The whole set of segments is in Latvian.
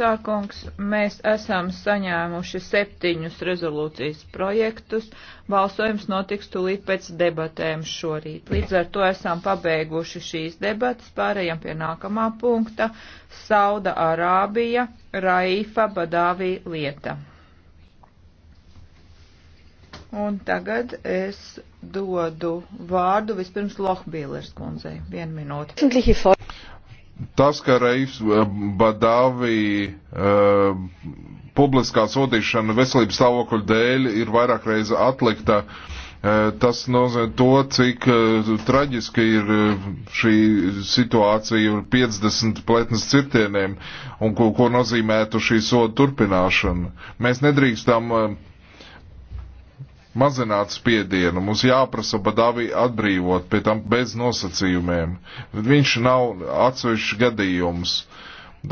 Tā kungs, mēs esam saņēmuši septiņus rezolūcijas projektus. Balsojums notiks tūlīt pēc debatēm šorīt. Līdz ar to esam pabeiguši šīs debatas. Pārējām pie nākamā punkta - Sauda Arābija, Raifa Badāvī lieta. Un tagad es dodu vārdu vispirms Lohbīlers kundzei. Vienu minūti. Tas, ka Reifs eh, Badāvī uh, eh, publiskā sodīšana veselības stāvokļa dēļ ir vairāk reizi atlikta, uh, tas nozīmē to, cik uh, traģiski ir šī situācija ar 50 pletnes cirtieniem un ko, ko nozīmētu šī soda turpināšana. Mēs nedrīkstam uh, mazināt spiedienu, mums jāprasa Badavi atbrīvot, pie tam bez nosacījumiem. Viņš nav atsevišķs gadījums.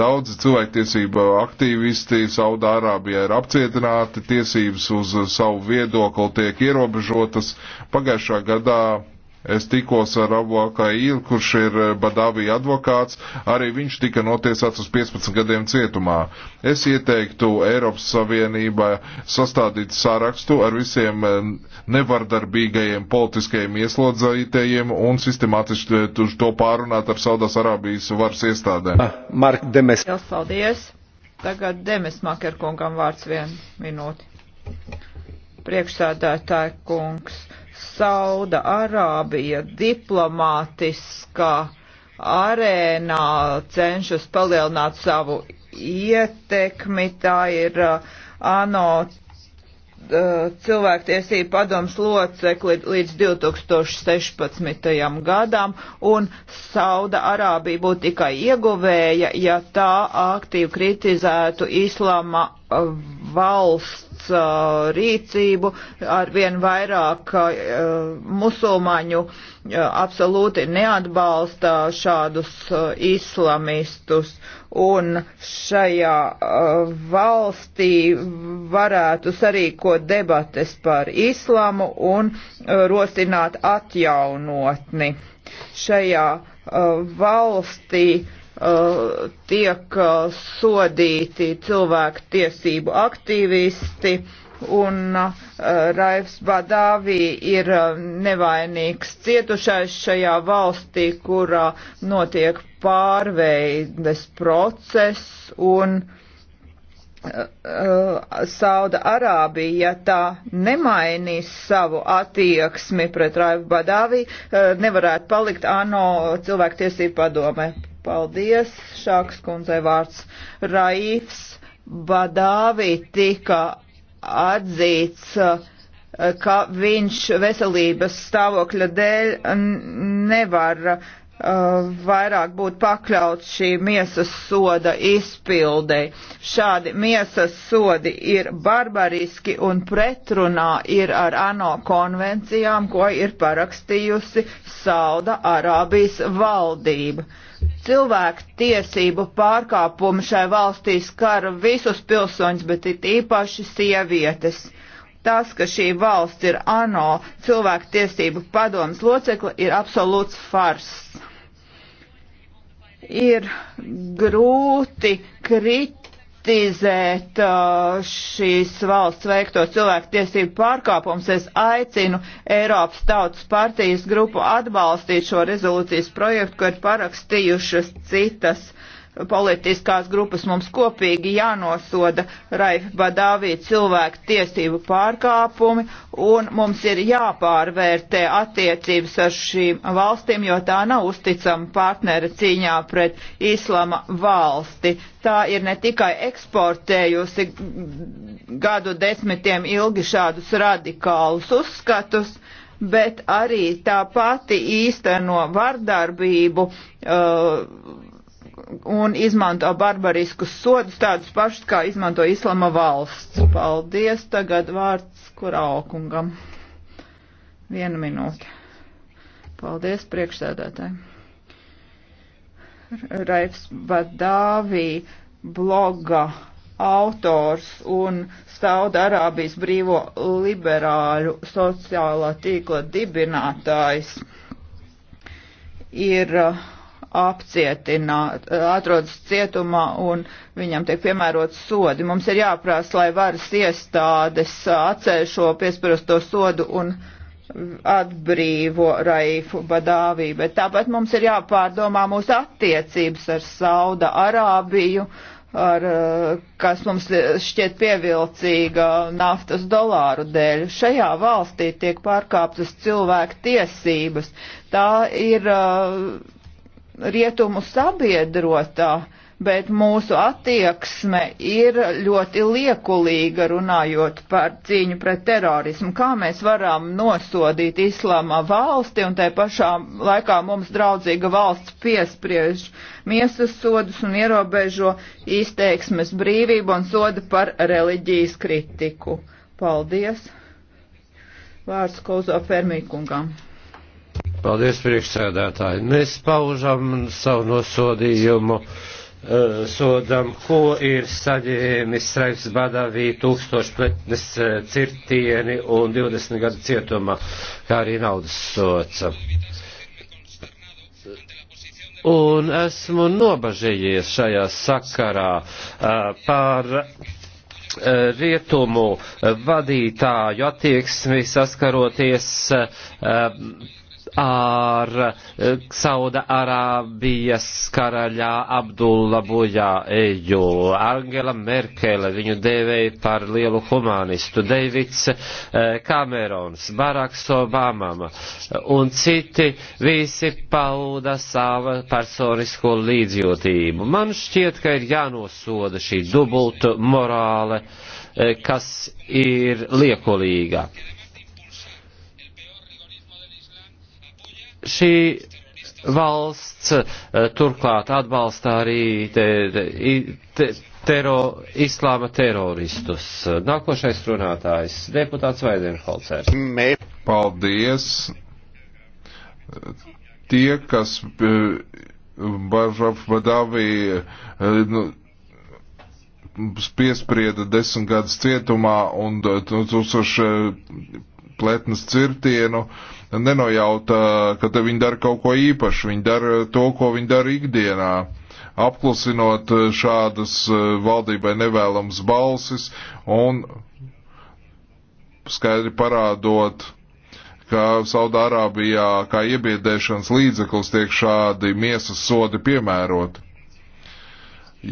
Daudzi cilvēktiesība aktīvisti Saudārābijā ir apcietināti, tiesības uz savu viedokli tiek ierobežotas. Pagājušā gadā Es tikos ar Abulakailu, kurš ir eh, Badavija advokāts, arī viņš tika notiesāts uz 15 gadiem cietumā. Es ieteiktu Eiropas Savienībā sastādīt sarakstu ar visiem eh, nevardarbīgajiem politiskajiem ieslodzītajiem un sistemātiski eh, to pārunāt ar Saudas Arābijas varas iestādēm. Ah, Mark Demes. Jās paldies. Tagad Demes Makerkungam vārds vien minūti. Priekšsādātāja kungs Sauda Arābija diplomātiskā arēnā cenšas palielināt savu ietekmi. Tā ir uh, ANO uh, cilvēktiesību padoms locekli līdz 2016. gadam, un Sauda Arābija būtu tikai ieguvēja, ja tā aktīvi kritizētu islama valsts daudz uh, rīcību, arvien vairāk uh, musulmaņu uh, absolūti neatbalsta šādus uh, islamistus, un šajā uh, valstī varētu sarīkot debates par islamu un uh, rosināt atjaunotni. Šajā uh, valstī uh, Eh, tiek eh, sodīti cilvēku tiesību aktīvisti, un uh, Raifs Badāvī ir uh, nevainīgs cietušais šajā valstī, kurā notiek pārveides process, un uh, Sauda Arābija tā nemainīs savu attieksmi pret Raifu Badāvī, nevarētu palikt ANO cilvēktiesību padome Paldies, Šāks kundzei vārds. Raifs Badāvi tika atzīts, eh, ka viņš veselības stāvokļa dēļ nevar uh, vairāk būt pakļauts šī miesas soda izpildei. Šādi miesas sodi ir barbariski un pretrunā ir ar ANO konvencijām, ko ir parakstījusi Sauda Arābijas valdība. Uh, Cilvēku tiesību pārkāpumi šai valstī skar visus pilsoņus, bet it īpaši sievietes. Tas, ka šī valsts ir ANO cilvēku tiesību padomas locekla, ir absolūts fars ir grūti krit, kritizēt uh, šīs valsts veikto cilvēku tiesību pārkāpums. Es aicinu Eiropas Tautas partijas grupu atbalstīt šo rezolūcijas projektu, ko ir parakstījušas citas uh, politiskās grupas mums kopīgi jānosoda Raifa Badāvī cilvēku tiesību pārkāpumi un mums ir jāpārvērtē attiecības ar šīm valstīm, jo tā nav uzticama partnera cīņā pret islama valsti. Tā ir ne tikai eksportējusi gadu desmitiem ilgi šādus radikālus uzskatus, bet arī tā pati īsteno vardarbību uh, un izmanto barbariskus sodus tādus pašus, kā izmanto Islama valsts. Paldies, tagad vārds Kuraukungam. Vienu minūti. Paldies priekšsēdētāji. Raifs Badāvī bloga autors un Saudarābijas brīvo liberāļu sociālā tīkla dibinātājs ir uh, apcietināt, atrodas cietumā un viņam tiek piemērots sodi. Mums ir jāprasa, lai varas iestādes atceļ šo piesprosto sodu un atbrīvo Raifu Badāvī, bet tāpat mums ir jāpārdomā mūsu attiecības ar Sauda Arābiju, ar, kas mums šķiet pievilcīga naftas dolāru dēļ. Šajā valstī tiek pārkāptas cilvēku tiesības. Tā ir uh, rietumu sabiedrotā, bet mūsu attieksme ir ļoti liekulīga runājot par cīņu pret terorismu. Kā mēs varam nosodīt islāma valsti un tai pašā laikā mums draudzīga valsts piespriež miesas sodus un ierobežo izteiksmes brīvību un soda par reliģijas kritiku. Paldies! Vārds Kozo Fermīkungam. Paldies, priekšsēdētāji. Mēs paužam savu nosodījumu uh, sodam, ko ir saņēmis Raiks Badavī tūkstošpletnes eh, cirtieni un 20 gadu cietumā, kā arī naudas soca. Un esmu nobažījies šajā sakarā uh, par rietumu vadītāju attieksmi saskaroties uh, ar eh, Sauda Arābijas karaļā Abdulla Bujā eju. Angela Merkele viņu dēvēja par lielu humanistu. Deivids eh, Kamerons, Baraks Obamam un citi visi pauda savu personisko līdzjūtību. Man šķiet, ka ir jānosoda šī dubulta morāle, eh, kas ir liekolīga Šī valsts eh, turklāt atbalsta arī te, te, te, tero, islāma teroristus. Nākošais runātājs - deputāts Vaidenholcers. Paldies! Tie, kas eh, Baržaf Badavī eh, nu, piesprieda desmit gadus cietumā un 2000 nu, pletnes cirtienu, nenojauta, ka te viņi dara kaut ko īpašu, viņi dara to, ko viņi dara ikdienā, apklusinot šādas valdībai nevēlams balsis un skaidri parādot, ka Saudārābijā kā iebiedēšanas līdzeklis tiek šādi miesas sodi piemēroti.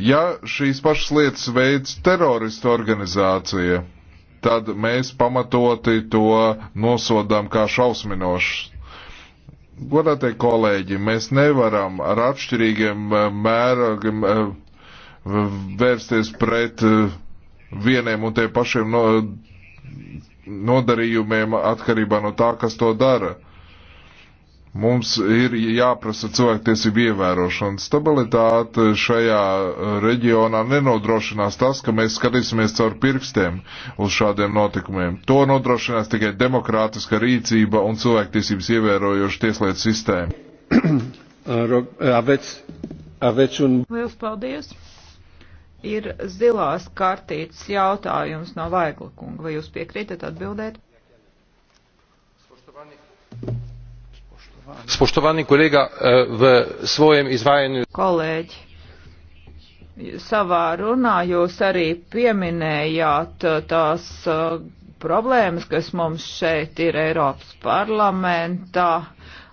Ja šīs pašas lietas veids teroristu organizācija, tad mēs pamatoti to nosodām kā šausminošu. Godātie kolēģi, mēs nevaram ar atšķirīgiem eh, mērogiem eh, vērsties pret eh, vieniem un tie pašiem no, nodarījumiem atkarībā no tā, kas to dara. Mums ir jāprasa cilvēktiesību ievērošana. Stabilitāte šajā uh, reģionā nenodrošinās tas, ka mēs skatīsimies caur pirkstiem uz šādiem notikumiem. To nodrošinās tikai demokrātiska rīcība un cilvēktiesības ievērojoša tieslietu sistēma. Uh, uh, Lielas paldies! Ir zilās kartītes jautājums no Vaigla kunga. Vai jūs piekrītat atbildēt? Spoštovani kolega, eh, v svojem izvajanju. Kolēģi, savā runā jūs arī pieminējāt eh, tās eh, problēmas, kas mums šeit ir Eiropas parlamentā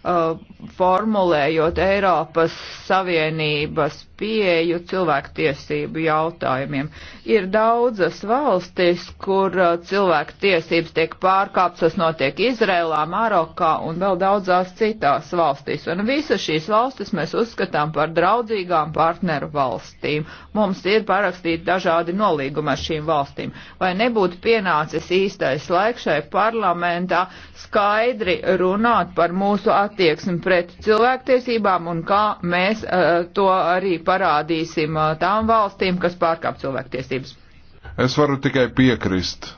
Uh, formulējot Eiropas Savienības pieeju cilvēktiesību jautājumiem. Ir daudzas valstis, kur uh, cilvēktiesības tiek pārkāptas, tas notiek Izrēlā, Marokā un vēl daudzās citās valstīs. Un visas šīs valstis mēs uzskatām par draudzīgām partneru valstīm. Mums ir parakstīti dažādi nolīgumi ar šīm valstīm. Vai nebūtu pienācis īstais laiks šai parlamentā skaidri runāt par mūsu attīstību? attieksmi pret cilvēktiesībām un kā mēs uh, to arī parādīsim uh, tām valstīm, kas pārkāp cilvēktiesības. Es varu tikai piekrist.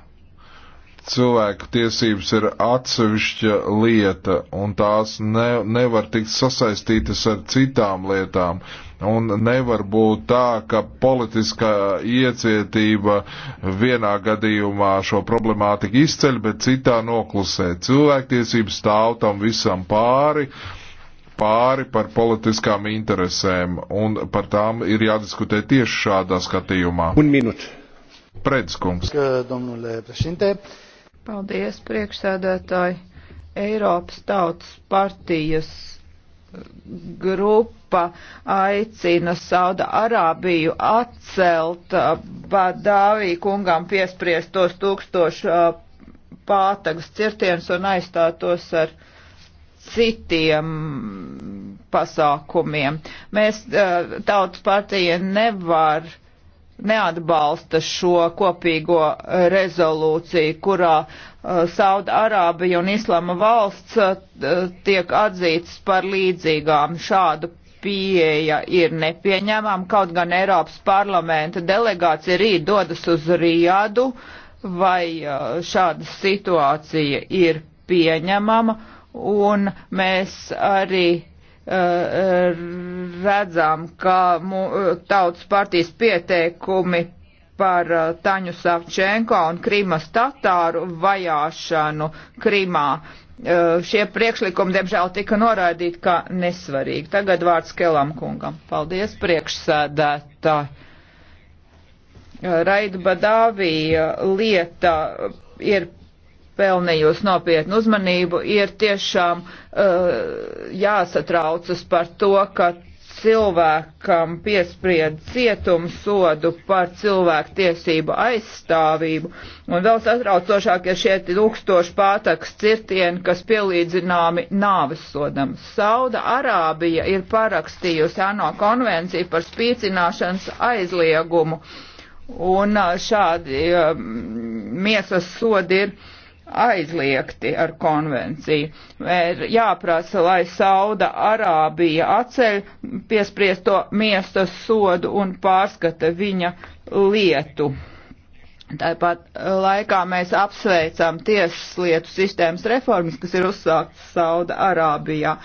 Cilvēku tiesības ir atsevišķa lieta, un tās ne, nevar tikt sasaistītas ar citām lietām. Un nevar būt tā, ka politiskā iecietība vienā gadījumā šo problemātiku izceļ, bet citā noklusē. Cilvēktiesības stāv tam visam pāri pāri par politiskām interesēm, un par tām ir jādiskutē tieši šādā skatījumā. Un minūte. Predskungs. Paldies, priekšsēdētāji. Eiropas tautas partijas grupa aicina Sauda Arābiju atcelt uh, Badāvī kungām piespriestos tūkstošu uh, pātagas cirtienus un aizstātos ar citiem pasākumiem. Mēs uh, tautas partija nevar uh, neatbalsta šo kopīgo rezolūciju, kurā uh, Saudārābija un Islama valsts uh, tiek atzītas par līdzīgām. Šādu pieeja ir nepieņemama, kaut gan Eiropas parlamenta delegācija rīt dodas uz Rijādu, vai uh, šāda situācija ir pieņemama, un mēs arī Eh, redzam, ka eh, tautas partijas pieteikumi par eh, Taņu Savčenko un Krīmas tatāru vajāšanu Krīmā. Šie priekšlikumi, diemžēl, tika noraidīti kā nesvarīgi. Tagad vārds Kelam kungam. Paldies, priekšsēdētāji. Raidba Dāvija lieta ir pelnījusi nopietnu uzmanību, ir tiešām uh, jāsatraucas par to, ka cilvēkam piespried cietumu sodu par cilvēku tiesību aizstāvību. Un vēl satraucošāk ir šie tūkstoši pātaks cirtieni, kas pielīdzināmi nāves sodam. Sauda Arābija ir parakstījusi ANO konvenciju par spīcināšanas aizliegumu. Un uh, šādi um, miesas sodi ir aizliegti ar konvenciju. Ir jāprasa, lai Sauda Arābija atceļ piespriesto miestas sodu un pārskata viņa lietu. Tāpat laikā mēs apsveicam tieslietu sistēmas reformas, kas ir uzsāktas Sauda Arābijā.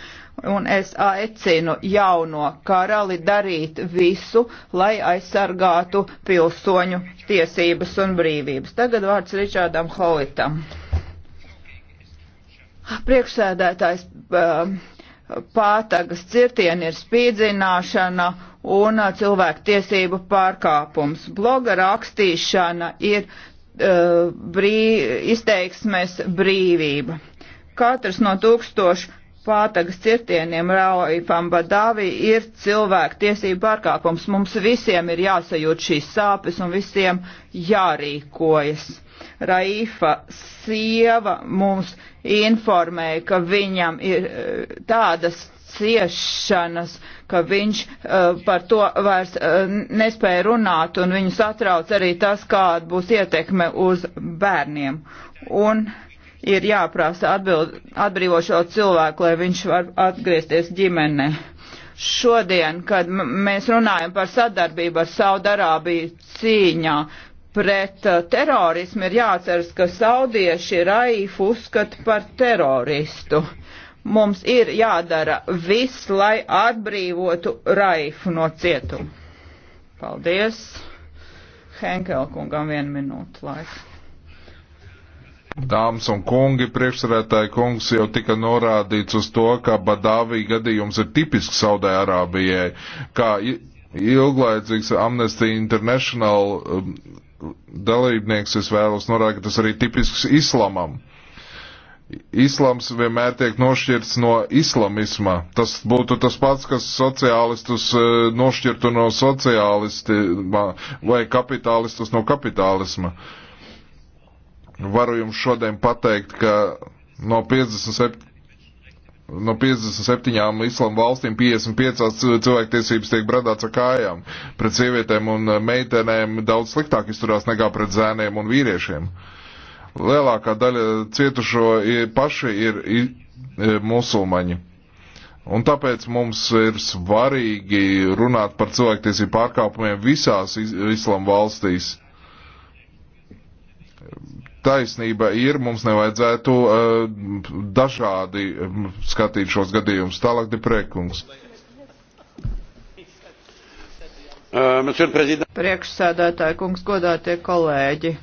Un es aicinu jauno karali darīt visu, lai aizsargātu pilsoņu tiesības un brīvības. Tagad vārds Ričādam Holitam. Priekšsēdētājs um, pātagas cirtieni ir spīdzināšana un uh, cilvēku tiesību pārkāpums. Bloga rakstīšana ir uh, brī, izteiksmes brīvība. Katrs no tūkstošu pātagas cirtieniem Raifam Badāvi ir cilvēku tiesību pārkāpums. Mums visiem ir jāsajūt šīs sāpes un visiem jārīkojas. Raifa sieva mums informēja, ka viņam ir e, tādas ciešanas, ka viņš uh, par to vairs uh, nespēja runāt, un viņu satrauc arī tas, kāda būs ietekme uz bērniem. Un ir jāprasa atbild, atbrīvošo cilvēku, lai viņš var atgriezties ģimenē. Šodien, kad mēs runājam par sadarbību ar Saudarābiju cīņā, pret uh, terorismu ir jāatceras, ka saudieši Raifu uzskata par teroristu. Mums ir jādara viss, lai atbrīvotu Raifu no cietuma. Paldies. Henkel kungam vienu minūtu laiku. Dāmas un kungi, priekšsarētāji kungs jau tika norādīts uz to, ka Badāvī gadījums ir tipisks Saudē Arābijai, kā ilglaicīgs Amnesty International um, dalībnieks, es vēlos norādīt, ka tas arī tipisks islamam. Islams vienmēr tiek nošķirts no islamisma. Tas būtu tas pats, kas sociālistus e, nošķirtu no sociālistima vai kapitālistus no kapitālisma. Varu jums šodien pateikt, ka no 57 no 57 islāma valstīm 55 cilvēktiesības tiek bradāts ar kājām. Pret sievietēm un eh, meitenēm daudz sliktāk izturās nekā pret zēniem un vīriešiem. Lielākā daļa cietušo paši ir e, musulmaņi. Un tāpēc mums ir svarīgi runāt par cilvēktiesību pārkāpumiem visās islāma valstīs taisnība ir, mums nevajadzētu uh, dažādi um, skatīt šos gadījumus. Tālāk, Deprēkungs. Uh, Priekšsēdētāji, kungs, godātie kolēģi!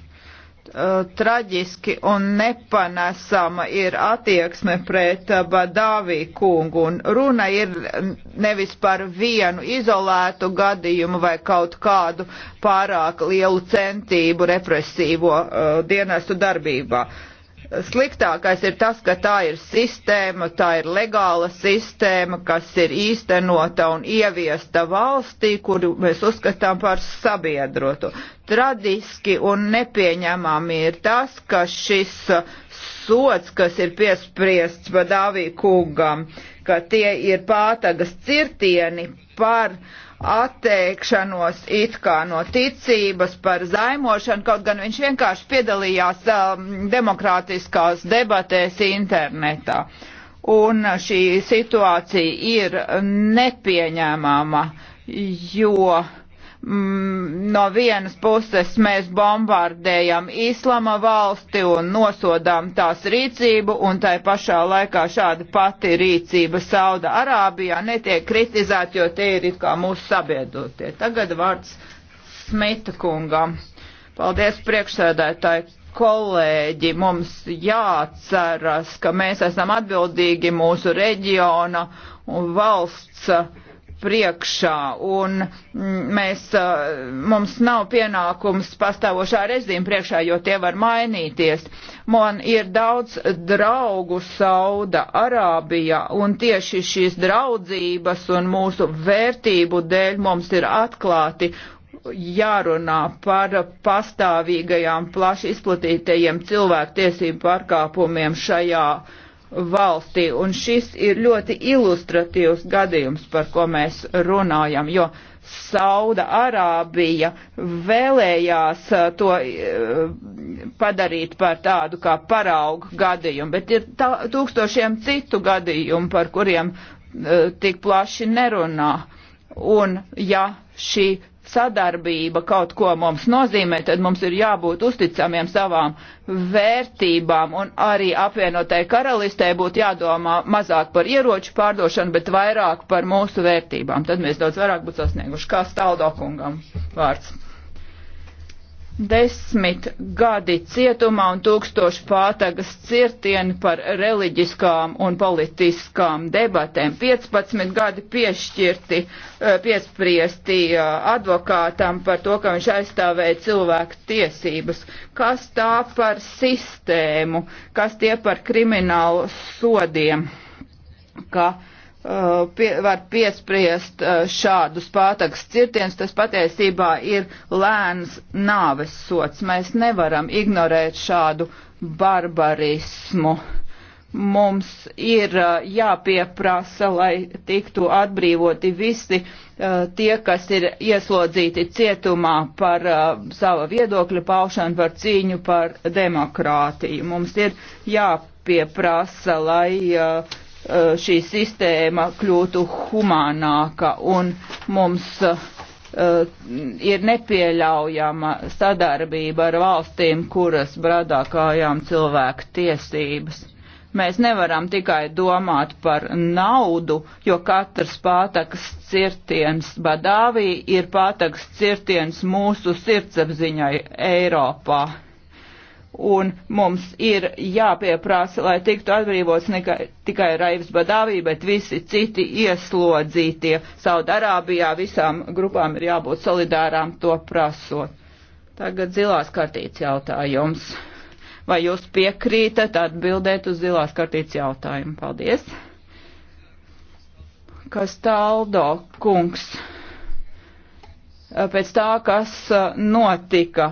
Uh, traģiski un nepanesama ir attieksme pret uh, Badāvī kungu. Un runa ir nevis par vienu izolētu gadījumu vai kaut kādu pārāk lielu centību represīvo uh, dienestu darbībā. Sliktākais ir tas, ka tā ir sistēma, tā ir legāla sistēma, kas ir īstenota un ieviesta valstī, kuru mēs uzskatām par sabiedrotu. Tradiski un nepieņemami ir tas, ka šis sots, kas ir piespriests Badāvī kungam, ka tie ir pātagas cirtieni par uh, atteikšanos it kā no ticības par zaimošanu, kaut gan viņš vienkārši piedalījās um, demokrātiskās debatēs internetā. Un šī situācija ir nepieņēmama, jo uh, Mm, no vienas puses mēs bombardējam islama valsti un nosodām tās rīcību, un tai pašā laikā šāda pati rīcība Sauda Arābijā netiek kritizēta, jo tie ir it kā mūsu sabiedrotie. Tagad vārds Smita kungam. Paldies priekšsēdētāji kolēģi, mums jāatceras, ka mēs esam atbildīgi mūsu reģiona un valsts priekšā, un mm, mēs, mums nav pienākums pastāvošā režīma priekšā, jo tie var mainīties. Man ir daudz draugu Sauda Arābijā, un tieši šīs draudzības un mūsu vērtību dēļ mums ir atklāti jārunā par pastāvīgajām plaši izplatītajiem cilvēktiesību pārkāpumiem šajā valstī. Un šis ir ļoti ilustratīvs gadījums, par ko mēs runājam, jo Sauda Arābija vēlējās uh, to uh, padarīt par tādu kā paraugu gadījumu, bet ir tā, tūkstošiem citu gadījumu, par kuriem uh, tik plaši nerunā. Un ja šī sadarbība kaut ko mums nozīmē, tad mums ir jābūt uzticamiem savām vērtībām un arī apvienotai karalistē būtu jādomā mazāk par ieroču pārdošanu, bet vairāk par mūsu vērtībām. Tad mēs daudz vairāk būtu sasnieguši. Kā staldokungam vārds desmit gadi cietumā un tūkstoši pātagas cirtieni par reliģiskām un politiskām debatēm, 15 gadi piešķirti, eh, piespriesti eh, advokātam par to, ka viņš aizstāvēja cilvēku tiesības. Kas tā par sistēmu, kas tie par kriminālu sodiem? Ka, uh, Uh, pie, var piespriest uh, šādus pātagas cirtienus, tas patiesībā ir lēns nāves sots. Mēs nevaram ignorēt šādu barbarismu. Mums ir uh, jāpieprasa, lai tiktu atbrīvoti visi tie, kas ir ieslodzīti cietumā par sava viedokļa paušanu, par cīņu par demokrātiju. Mums ir jāpieprasa, lai Eh, šī sistēma kļūtu humānāka un mums eh, ir nepieļaujama sadarbība ar valstīm, kuras bradā kājām cilvēku tiesības. Mēs nevaram tikai domāt par naudu, jo katrs pātakas cirtiens Badāvī ir pātakas cirtiens mūsu sirdsapziņai Eiropā un mums ir jāpieprasa, lai tiktu atbrīvots ne tikai Raivs Badāvī, bet visi citi ieslodzītie. Saudarābijā visām grupām ir jābūt solidārām to prasot. Tagad zilās kartītes jautājums. Vai jūs piekrītat atbildēt uz zilās kartītes jautājumu? Paldies. Kas taldo kungs? Pēc tā, kas uh, notika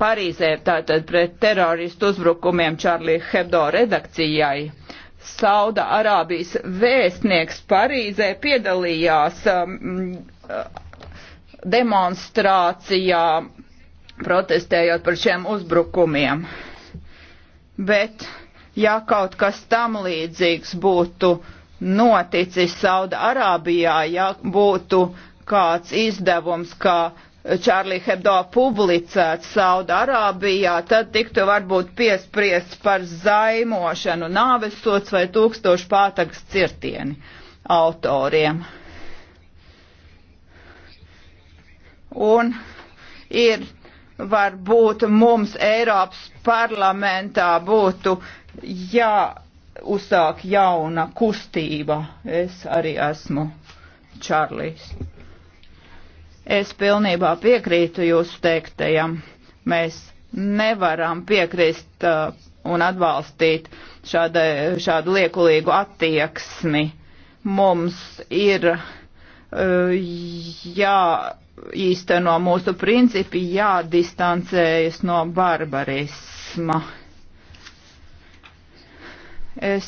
Parīzē tātad pret teroristu uzbrukumiem Čārlī Hebdo redakcijai. Sauda Arābijas vēstnieks Parīzē piedalījās um, demonstrācijā protestējot par šiem uzbrukumiem. Bet, ja kaut kas tam līdzīgs būtu noticis Sauda Arābijā, ja būtu kāds izdevums, kā Čārlī Hebdo publicēts Saudārābijā, tad tiktu varbūt piespriests par zaimošanu nāvesots vai tūkstošu pātagas cirtieni autoriem. Un ir varbūt mums Eiropas parlamentā būtu jāuzsāk jauna kustība. Es arī esmu Čārlis. Es pilnībā piekrītu jūsu teiktajam. Mēs nevaram piekrist uh, un atbalstīt šāda, šādu liekulīgu attieksmi. Mums ir uh, jāīsteno mūsu principi, jādistancējas no barbarisma. Es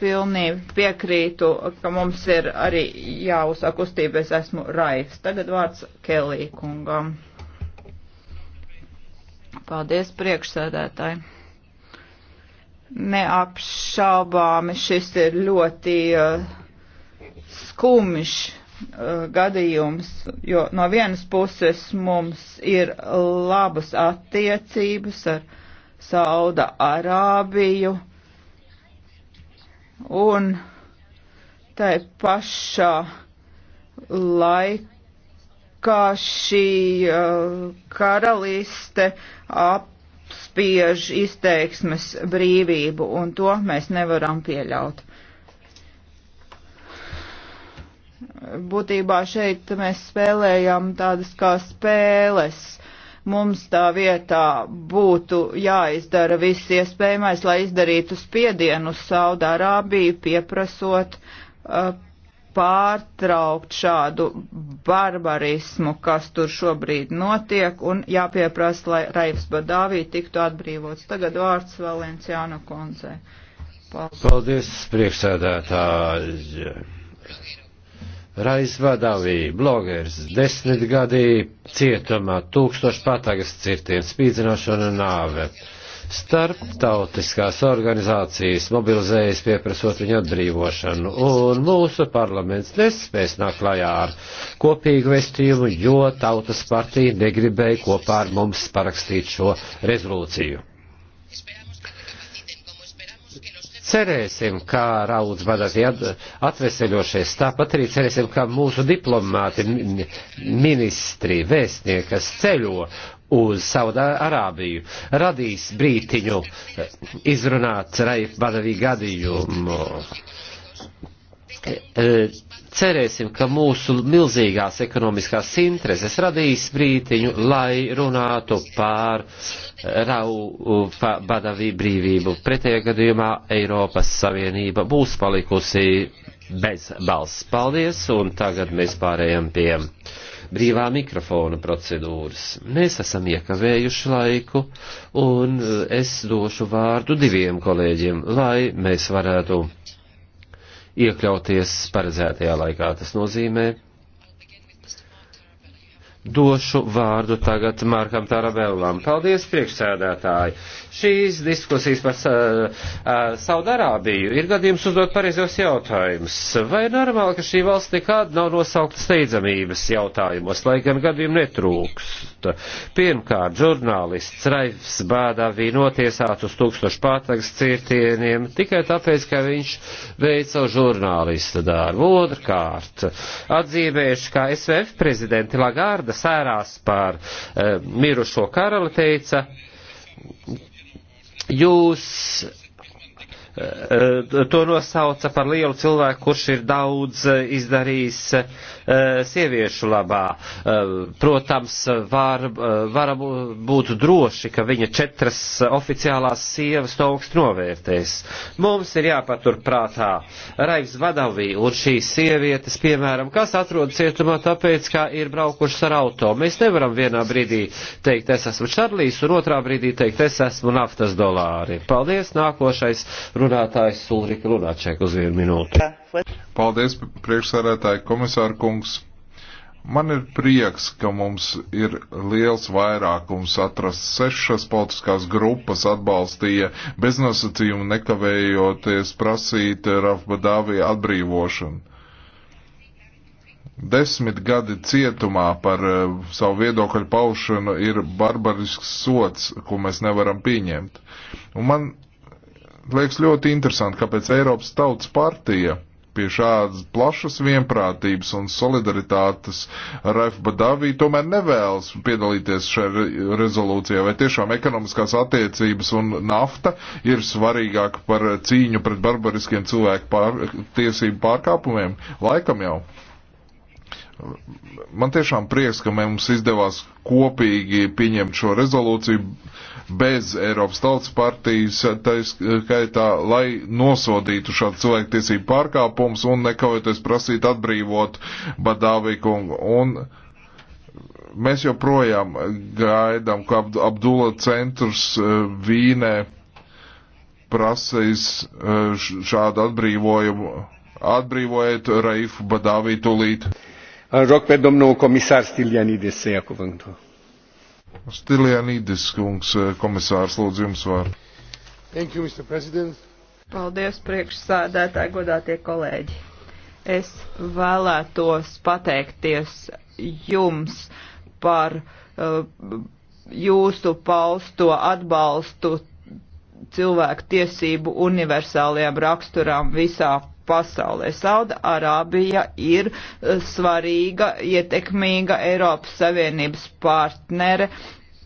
pilnīgi piekrītu, ka mums ir arī jāuzsāk kustība, es esmu raifs. Tagad vārds Kelī kungam. Paldies priekšsēdētāji. Neapšaubāmi šis ir ļoti uh, skumjš uh, gadījums, jo no vienas puses mums ir labas attiecības ar Sauda Arābiju, un tai pašā laikā šī uh, karaliste apspiež izteiksmes brīvību, un to mēs nevaram pieļaut. Būtībā šeit mēs spēlējam tādas kā spēles, uh, Mums tā vietā būtu jāizdara viss iespējamais, lai izdarītu spiedienu Saudārābiju, pieprasot uh, pārtraukt šādu barbarismu, kas tur šobrīd notiek, un jāpieprasa, lai Raivs Badāvī tiktu atbrīvots. Tagad vārds Valenciāna koncē. Paldies, Paldies priekšsēdētāji. Raizvadavī, blogers, desmit gadī cietumā, tūkstoši patagas cirtiem, spīdzināšana nāve. Starptautiskās organizācijas mobilizējas pieprasot viņa atbrīvošanu, un mūsu parlaments nespēs nākt klajā ar kopīgu vestījumu, jo tautas partija negribēja kopā ar mums parakstīt šo rezolūciju. Spējām. Cerēsim, kā raudz badagi atveseļošies, tāpat arī cerēsim, kā mūsu diplomāti, ministri, vēstnieki, kas ceļo uz Saudārābiju, radīs brītiņu eh, izrunāt Raif Badavī gadījumu eh, cerēsim, ka mūsu milzīgās ekonomiskās intereses radīs brītiņu, lai runātu pār rau pa, badavību brīvību. Pretējā gadījumā Eiropas Savienība būs palikusi bez balss. Paldies, un tagad mēs pārējām pie brīvā mikrofona procedūras. Mēs esam iekavējuši laiku, un es došu vārdu diviem kolēģiem, lai mēs varētu iekļauties paredzētajā laikā. Tas nozīmē, došu vārdu tagad Markam Tarabellam. Paldies, priekšsēdētāji! Šīs diskusijas par uh, Saudarābiju ir gadījums uzdot pareizos jautājumus. Vai normāli, ka šī valsts nekad nav nosaukta steidzamības jautājumos, lai gan gadījumu netrūkst? Pirmkārt, žurnālists Raifs Bādavī notiesāts uz tūkstošu pātagas cirtieniem tikai tāpēc, ka viņš veica žurnālista darbu. Otrkārt, atzīmēšu, ka SVF prezidenti Lagarda sērās par eh, mirušo karali, teica, jūs Eh, to nosauca par lielu cilvēku, kurš ir daudz eh, izdarījis eh, sieviešu labā. Protams, var, var būt droši, ka viņa četras oficiālās sievas to augstu novērtēs. Mums ir jāpatur prātā Raivs Vadavī un šīs sievietes, piemēram, kas atrodas cietumā tāpēc, ka ir braukušas ar auto. Mēs nevaram vienā brīdī teikt, es esmu Čarlīs, un otrā brīdī teikt, es esmu naftas dolāri. Paldies, nākošais. Runa runātājs Sulrika Lunāčēk uz vienu minūti. Paldies, priekšsarētāji komisāra kungs. Man ir prieks, ka mums ir liels vairākums atrast sešas politiskās grupas atbalstīja beznosacījumu nekavējoties prasīt Rafbadāvī atbrīvošanu. Desmit gadi cietumā par eh, savu viedokļu paušanu ir barbarisks sots, ko mēs nevaram pieņemt. Un man Liekas ļoti interesanti, kāpēc Eiropas Tautas partija pie šādas plašas vienprātības un solidaritātes ar F-Badavī tomēr nevēlas piedalīties šajā rezolūcijā, vai tiešām ekonomiskās attiecības un nafta ir svarīgāk par cīņu pret barbariskiem cilvēku pār, tiesību pārkāpumiem? Laikam jau. Man tiešām prieks, ka mums izdevās kopīgi pieņemt šo rezolūciju bez Eiropas tautas partijas, taiskaitā, lai nosodītu šādu cilvēktiesību pārkāpumus un nekavēties prasīt atbrīvot Badāvikungu. Un mēs joprojām gaidām, ka Abdula centrs eh, Vīnē prasīs eh, šādu atbrīvojumu. Atbrīvojiet Raifu Badāvī tūlīt rog pe domnul comisar Stilianides să ia cuvântul. Stilianides kungs, komisārs, lūdzu jums vārdu. Thank you, Mr. President. Paldies, priekšsādētāji, godātie kolēģi. Es vēlētos pateikties jums par uh, jūsu pausto atbalstu cilvēku tiesību universālajām raksturām visā pasaulē. Sauda Arābija ir eh, svarīga, ietekmīga Eiropas Savienības partnere.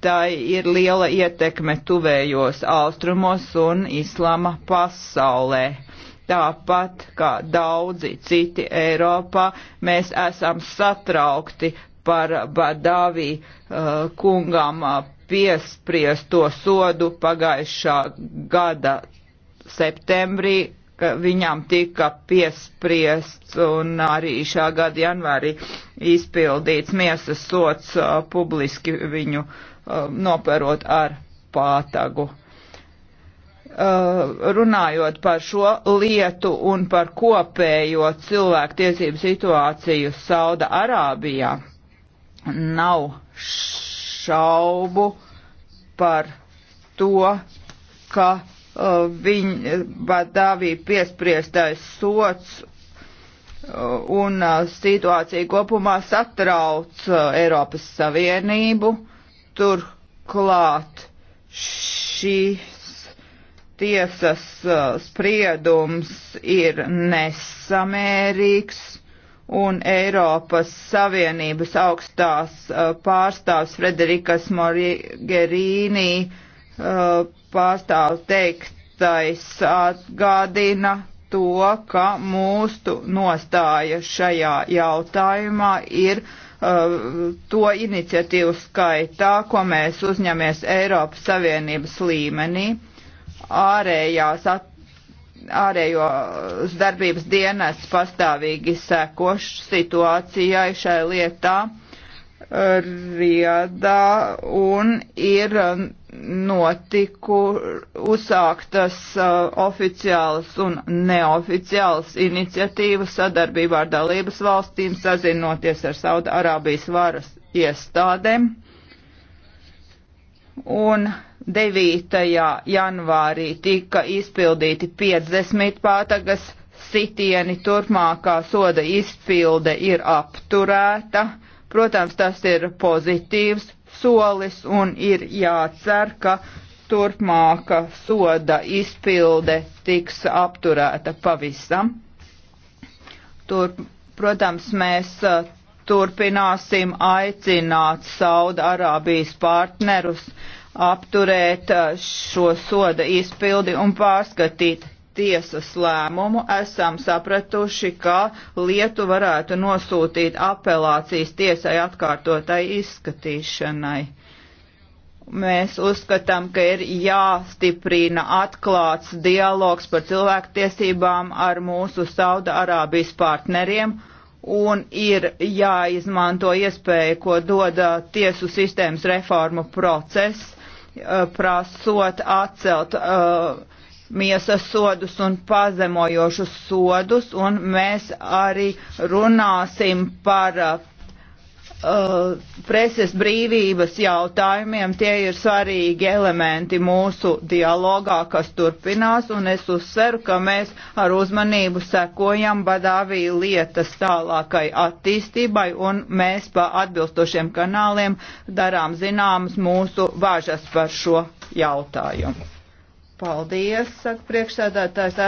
Tā ir liela ietekme tuvējos austrumos un islama pasaulē. Tāpat kā daudzi citi Eiropā, mēs esam satraukti par Badāvī uh, eh, kungam eh, piespriesto sodu pagājušā gada septembrī ka viņam tika piespriests un arī šā gada janvārī izpildīts miesas sots uh, publiski viņu uh, noperot ar pātagu. Uh, runājot par šo lietu un par kopējo cilvēktiesību situāciju Sauda Arābijā, nav šaubu par to, ka Uh, viņa uh, badāvī piespriestais sots uh, un situācija kopumā satrauc Eiropas Savienību. Turklāt šīs tiesas spriedums ir nesamērīgs un Eiropas Savienības augstās pārstāvs Frederikas Morgerīnī Uh, pārstāv teiktais atgādina to, ka mūsu nostāja šajā jautājumā ir uh, to iniciatīvu skaitā, ko mēs uzņemies Eiropas Savienības līmenī, ārējās at, ārējo darbības dienas pastāvīgi sekošu situācijai šai lietā uh, riedā un ir notiku uzsāktas uh, oficiālas un neoficiālas iniciatīvas sadarbībā ar dalības valstīm, sazinoties ar Sauda Arābijas varas iestādēm. Un 9. janvārī tika izpildīti 50 pātagas sitieni, turpmākā soda izpilde ir apturēta. Protams, tas ir pozitīvs solis un ir jācer, ka turpmāka soda izpilde tiks apturēta pavisam. Tur, protams, mēs uh, turpināsim aicināt Sauda Arābijas partnerus apturēt uh, šo soda izpildi un pārskatīt tiesas lēmumu esam sapratuši, ka lietu varētu nosūtīt apelācijas tiesai atkārtotai izskatīšanai. Mēs uzskatām, ka ir jāstiprina atklāts dialogs par cilvēktiesībām ar mūsu Sauda Arābijas partneriem un ir jāizmanto iespēja, ko dod tiesu sistēmas reformu process, prasot atcelt uh, miesas sodus un pazemojošus sodus, un mēs arī runāsim par uh, preses brīvības jautājumiem. Tie ir svarīgi elementi mūsu dialogā, kas turpinās, un es uzsveru, ka mēs ar uzmanību sekojam Badāvī lietas tālākai attīstībai, un mēs pa atbilstošiem kanāliem darām zināmas mūsu bažas par šo jautājumu. Paldies, saka priekšsēdētājs.